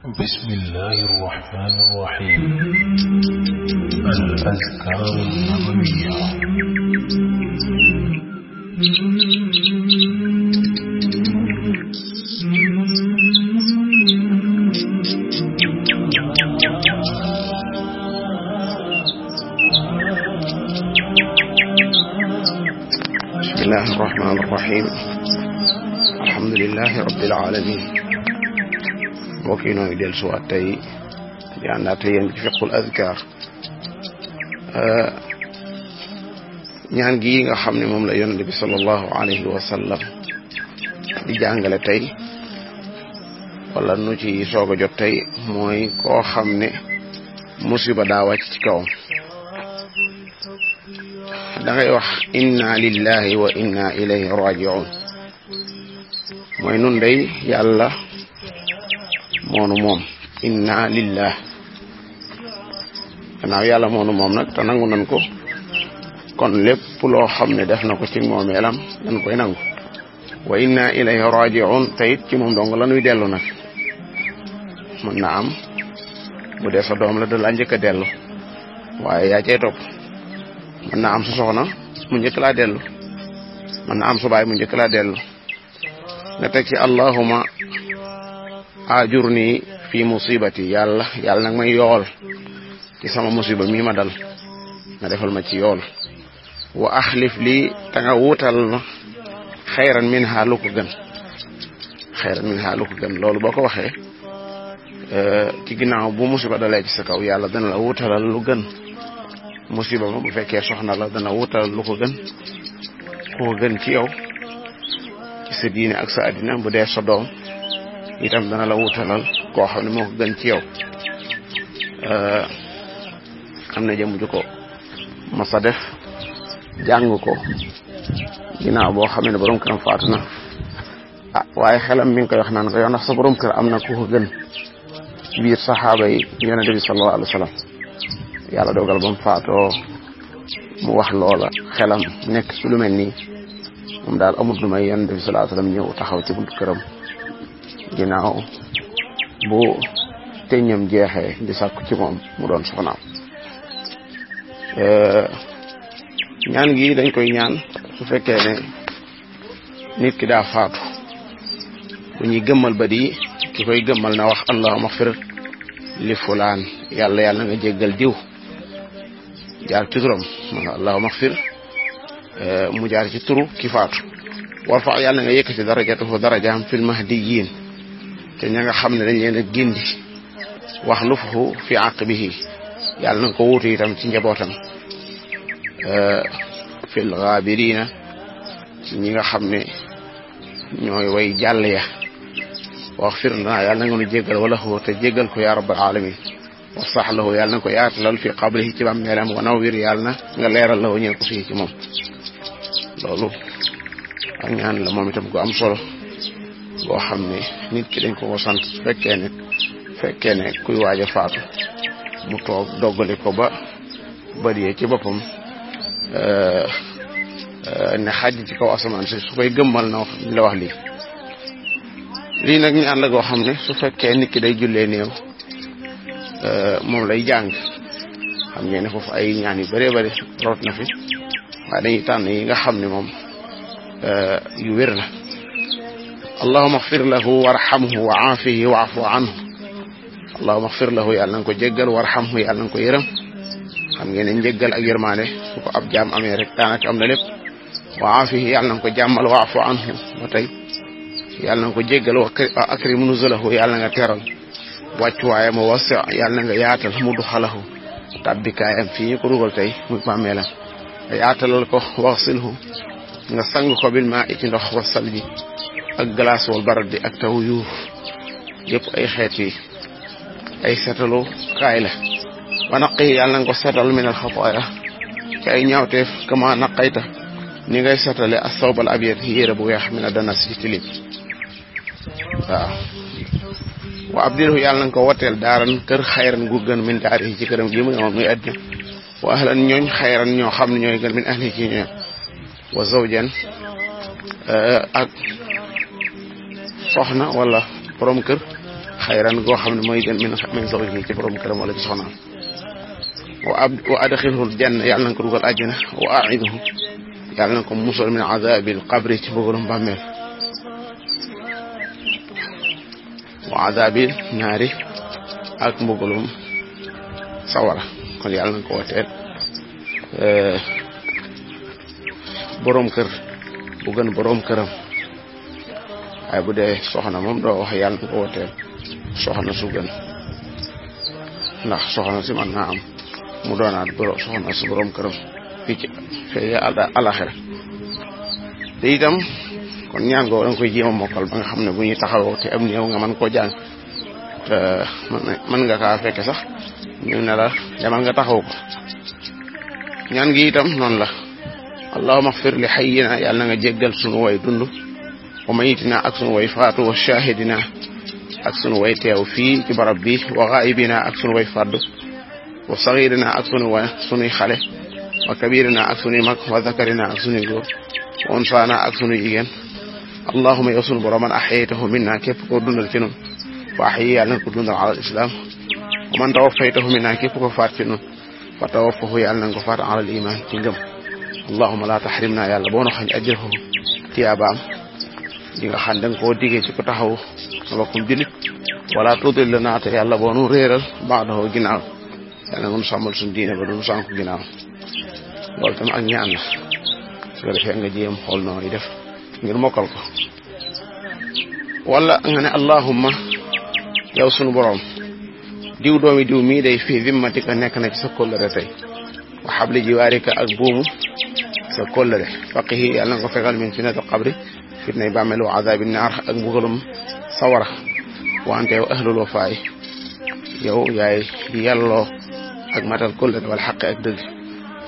بسم الله الرحمن الرحيم الأذكار النبوية بسم الله الرحمن الرحيم الحمد لله رب العالمين mbokk yi noonu dellu siwaat tey di àndaate yéen ci fiqul euh, ñaan gi nga xam ne moom la yonent bi sallallahu alayhi wa di jàngale tey wala nu ci soog a jot tey mooy koo xam ne musiba daa wàcc ci kawam wax inna lillahi wa inna ilayhi rajiun mooy nun day yàlla moonu moom inna lillah naaw yàlla moonu moom nag te nangu nan ko kon lépp loo xam ne def na ko ci moomeelam dañ koy nangu wa inna ilayhi rajiun te it ci moom dong la nuy dellu nag mën na am bu dee sa doom la da laa njëkk a dellu waaye yaa cay topp mën na am su soxna mu njëkk laa dellu mën na am su mu njëkk laa dellu nga ci allahuma ajur nii fii musibati yàlla yàlla nag may yool ci sama musiba mii ma dal nga defal ma ci yool wa axlif lii ta nga wutal ma xayran min ha lu ko gën xayran min ha lu loolu boo ko waxee euh, ci ginnaaw bu musiba dalee ci sa kaw yàlla dana la wutalal lu gën musiba ma bu fekkee soxna la dana wutalal lu ko gën ku ko gën ci yow ci sa ak sa addina bu dee sa doom itam dana la wutalal koo xam ne moo ko ci yow eh, am na jëmm ju ko mas jàng ko ginnaaw boo xamee ne borom këram faatu na ah waaye xelam mi ngi koy wax naan ko yow ndax sa borom kër am na ku ko gën biir saxaaba yi yonente bi sallallahu alayhi wa yàlla dogal ba mu faatoo mu wax loola xelam nekk ci lu mel nii moom daal amut lu may yonente bi sallallahu alayhi ñëw taxaw ci buntu këram ginnaaw bu teñam jeexee di sàkku ci moom mu doon soxnaam euh, ñaan gi dañ koy ñaan su fekkee ne nit ki daa faatu bu ñuy gëmmal ba di ki koy gëmmal na wax allahumma xfir li fulaan yàlla yàlla nga jéggal diw jaar ci turam allahumma xfir euh, mu jaar ci turu ki faatu warfa yàlla nga yëkkati darajatuhu darajaam fil mahdiyin te ña nga xam ne dañ leen a gindi wax lufahu fi aqibihi yàlla na nga ko wuutu itam ci njabootam fil gaabirina ci ñi nga xam ne ñooy way jàll ya wax fir naa yàlla na nga nu jéggal wala xoo te jéggal ko ya rabbal alamin wasax lahu yàlla na ko yaatalal fi qabrihi ci bàmmeelam wa nawwir yàlla na nga leeral lahu ñee ko fii ci moom loolu ak ñaan la moom itam gu am solo boo xam ne nit ki dañ ko ko sant su fekkee ne fekkee ne kuy waaj a faatu mu toog doggale ko ba bëriyee ci boppam euh, euh, ne xaj ci kaw asamaan su koy gëmmal na wax lii lii nag ñaan la xam ne su fekkee nit ki day jullee néew euh, moom lay jàng xam ngeen ne foofu ay ñaan yu bëree bëri root na fi waaye dañuy tànn yi nga xam ni moom yu wér na allahuma xfir lahu warhamhu wa aafihi wa afu anhu allahuma xfir lahu yàlla na nga ko jéggal warhamhu yàlla na ko yërëm xam ngeen ne njéggal ak yërmaande su ko ab jaam amee rek daanaka am na lépp wa aafihi yàlla na ko jàmmal wa afu anhu ba tey yàlla ko jéggal wa akrim nuzulahu yàlla na nga teral wàccuwaayam wa wasi yàlla na nga yaatal mudxalahu tabbikaayam fii ñu ko dugal tey muy bàmmeelam yaatalal ko waxsilhu nga sang ko bil maa ci ndox wasal bi ak glace wal baradi ak taw yuuf yépp ay xeet yi ay setalu kaay la wa naqi yàlla nga ko setal min al xataaya ci ay ñaawteef kama naqayta ni ngay setale as sawbal abyad yére bu weex min a danas ci tilim waaw wa abdilhu yàlla nga ko wateel daaran kër xayran gu gën min daari ci këram gi mu ne moom muy wa ahlan ñooñ xayran ñoo xam ne ñooy gën min ahli ci ñoom wa zawjan eh, soxna wala borom kër xayran goo xam ne mooy gën min min zawjihi ci borom këram wala ci soxnaam wa ab wa adxilhul janna yàlla na ko dugal àjjana wa aidhu yàlla na ko musal min azabil qabri ci bëggalum bàmmeel wa azabil naari ak mbëggalum sawara kon yàlla na ko wateel eh, borom kër bu gën borom këram waaye bu dee soxna moom doo wax yàlla na ko wooteel soxna su ndax soxna si mën naa am mu doonaat borom soxna su borom këram fii ci fee te itam kon ñaan googu da koy jéem a mokkal ba nga xam ne bu ñuy taxawoo te am néew nga mën koo jàng te nga kaa fekke sax ñu ne la demal nga taxaw ko ñaan gi itam noonu la allahumma ighfir li hayyina na na nga jéggal sunu way dund wa mayitina ak sunu way faatu wa shahidina ak sunu way teew fii ci barab bi wa ghaibina ak sunu way faddu wa saghirina ak sunu way sunuy xale wa kabirina ak sunuy mag wa zakarina ak sunuy góor wa unsana ak sunuy jigéen allahuma yow sunu borom man ahyaytahu minna képp koo dundal ci nun wa ahyi yàlla na ko dundal ala islam wa man tawaffaytahu minna képp ko faat ci nun fa tawaffahu yàlla na ko faat ala iman ci ngëm allahuma la tahrimna yàlla boo nu xañ ajrahu tiyaabaam yi nga xam da nga koo digee ci ko taxaw sabakul julit wala tuutil la yàlla boo nu réeral baax doxoo ginnaaw yàlla mun sàmmal suñ diine ba duñu sànku ginnaaw loolu tam ak ñaan xool nooy def ngir mokkal ko wala nga ne allahumma yow sunu boroom diw doomi diw mii day fii vimmatika nekk na ci sa kóllëre tey wa xabli jiwaarika ak buumu sa kóllëre faqihi yàlla nga ko fegal min fitnatil qabri fitnay bàmmeel wa azabi naar ak mbugalum sawara wante yow ahlul wafaay yow yaay yelloo ak matal kullere wal xaqe ak dëgg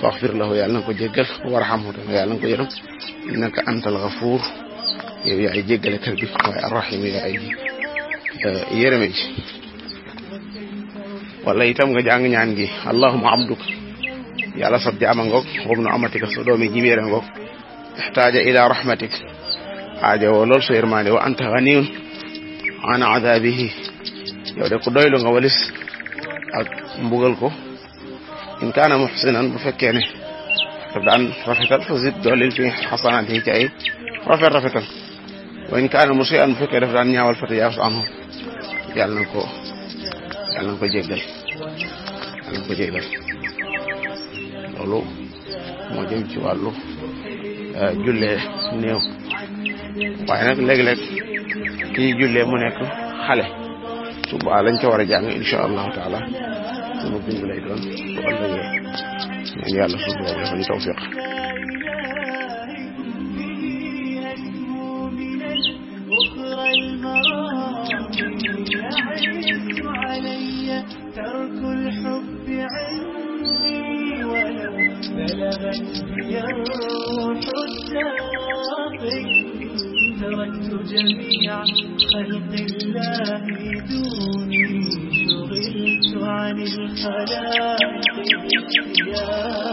faxfir lahu yàlla na ko jéggal warxamhu tan yàlla na ko yërëm innaka antal gafuur yow yaay jéggale kër bi waaye arrahim yaay eh, yërëme ji wala itam nga jàng ñaan gi allahuma abduka yàlla sab jaama ngoog wabnu amatika sa doomi jibéere ngoog ixtaaja ila rahmatik aajowoo lool sa yërmande wa anta ganiyun an adabihi yow ku doylu nga walis ak in kaana muhsinan bu fekkee ne daf fa zid doolil fi xasanaati ci ay rafet rafetal wa in kaana musian bu fekkee daf daan ñaawal fa tajaawaz anhu yàlla ko yàlla na ko jéggal moo jëm ci wàllu eh, jullee néew waaye nag léeg-léeg kii jullee mu nekk xale suba lañ ca war a jàng incha allahu taala sama bind lay doon bu ëllëgee ñaan yàlla suñu borom dafa ñu tawfiq Yeah. الجميع خلق الله دوني شغلت عن الخلائق